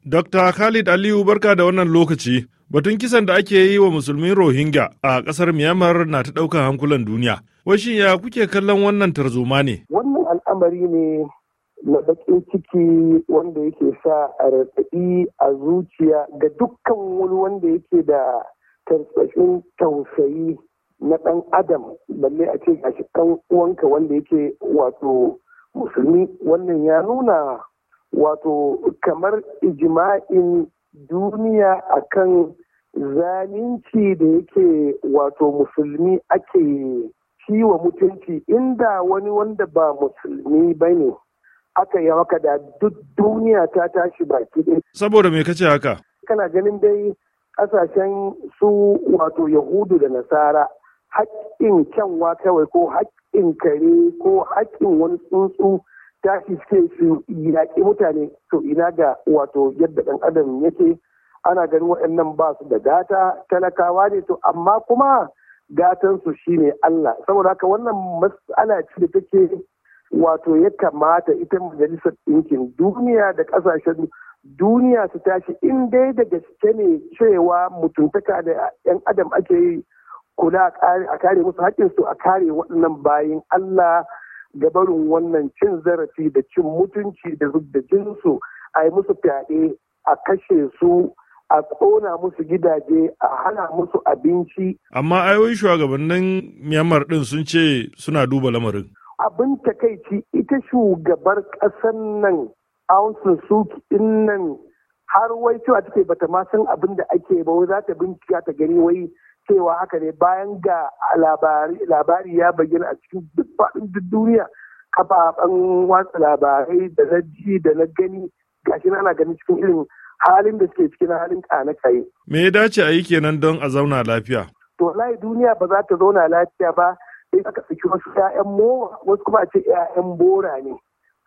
Dr. Khalid Aliyu barka da wannan lokaci. Batun kisan da ake yi wa musulmin Rohingya a ƙasar Myanmar na ta ɗaukar hankulan duniya. Washi ya kuke kallon wannan tarzoma ne? Wannan al'amari ne na baƙin ciki wanda yake sa a raɗaɗi a zuciya ga dukkan wani wanda yake da tarsashin tausayi na ɗan adam balle a ce gashi ɗan uwanka wanda yake wato musulmi wannan ya nuna wato kamar ijima'in duniya akan zalunci da yake wato musulmi ake ciwa mutunci inda wani wanda ba musulmi ba ne aka yi haka da duk duniya ta tashi baki ɗin. Saboda me kace haka? Kana ganin dai ƙasashen su wato Yahudu da Nasara haƙƙin kyanwa kawai ko haƙƙin kare ko haƙƙin wani tsuntsu tashi suke su yaƙi mutane to ina ga wato yadda ɗan adam yake ana ganin waɗannan ba su da gata talakawa ne to amma kuma gatansu shine Allah saboda haka wannan mas'ala ce da take wato ya kamata ita majalisar ɗinkin duniya da ƙasashen duniya su tashi in dai da gaske ne cewa mutuntaka da 'yan adam ake yi kula a kare musu haƙƙinsu a kare waɗannan bayan Allah gabarin wannan cin zarafi da cin mutunci da zub da jinsu a yi musu fyaɗe a kashe su a ƙona musu gidaje a hana musu abinci. Amma ayoyin shugabannin Myanmar ɗin sun ce suna duba lamarin. Abin takaici ita shugabar ƙasar nan Aung San in nan har wai cewa take bata ma san abin da ake ba wai za ta bincika ta gani wai cewa haka ne bayan ga labari ya bayyana a cikin faɗin duk duniya kafafen watsa labarai da na ji da na gani gashi ana ganin cikin irin halin da suke cikin halin na kaye. Me ya dace a yi kenan don a zauna lafiya? To wallahi duniya ba za ta zauna lafiya ba sai aka saki wasu 'ya'yan mowa wasu kuma a ce 'ya'yan bora ne.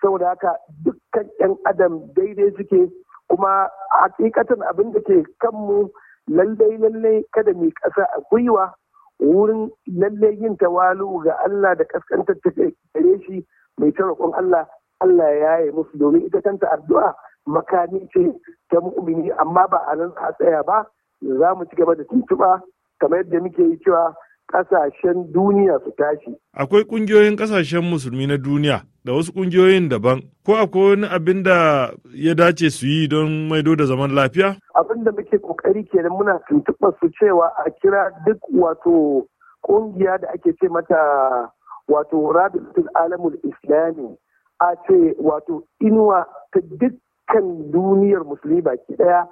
Saboda haka dukkan 'yan adam daidai suke kuma hakikatan abin da ke kanmu lallai lallai kada mu ƙasa a gwiwa wurin lalle yin tawalu ga Allah da kaskantar ta gare shi mai ta Allah Allah ya yi musu domin ita kanta addu'a makami ce ta mu'mini amma ba a nan a tsaya ba za mu ci gaba da tuntuɓa kamar yadda muke yi cewa kasashen duniya su tashi. Akwai kungiyoyin kasashen musulmi na duniya da wasu kungiyoyin daban. Ko akwai wani abin da ya dace su yi don maido da zaman lafiya? Abin da muke kokari kenan muna tuntuɓar su cewa a kira duk wato kungiya da ake ce mata wato Rabitul Alamul Islami a ce wato inuwa ta dukkan duniyar musulmi baki ɗaya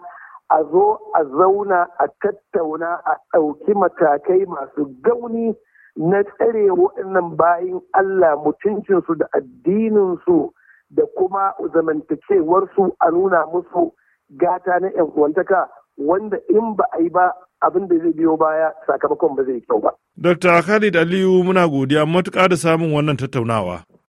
a zo a zauna a tattauna a ɗauki matakai masu gauni na tsare waɗannan bayan Allah mutuncinsu da addininsu da kuma zamantakewarsu a nuna musu gata na 'yan uwantaka wanda in ba a yi ba abin da zai biyo baya sakamakon ba zai kyau ba. Dr. Khalid Aliyu muna godiya matuƙa da samun wannan tattaunawa.